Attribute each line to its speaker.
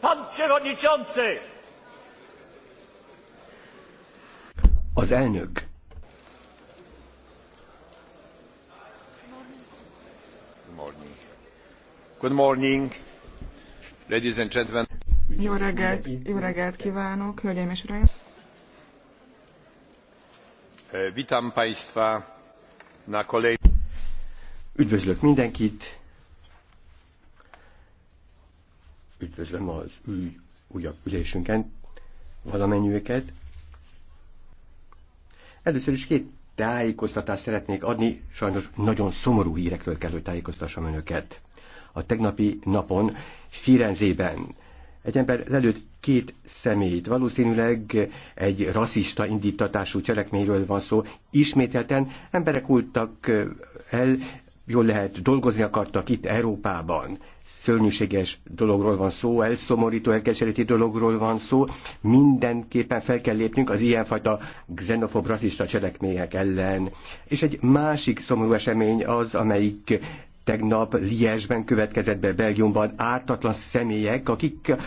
Speaker 1: Pan Przewodniczący!
Speaker 2: Az elnök. Good
Speaker 3: morning. ladies and gentlemen.
Speaker 4: Jó reggelt, jó reggelt kívánok, hölgyeim és uraim.
Speaker 3: Witam Państwa
Speaker 2: na kolei. Üdvözlök mindenkit üdvözlöm az új, újabb ülésünken valamennyiüket. Először is két tájékoztatást szeretnék adni, sajnos nagyon szomorú hírekről kell, hogy tájékoztassam önöket. A tegnapi napon Firenzében egy ember előtt két személyt, valószínűleg egy rasszista indítatású cselekményről van szó, ismételten emberek ultak el jól lehet dolgozni akartak itt Európában. Szörnyűséges dologról van szó, elszomorító, elkeserítő dologról van szó. Mindenképpen fel kell lépnünk az ilyenfajta xenofob rasszista cselekmények ellen. És egy másik szomorú esemény az, amelyik tegnap Liesben következett be Belgiumban ártatlan személyek, akik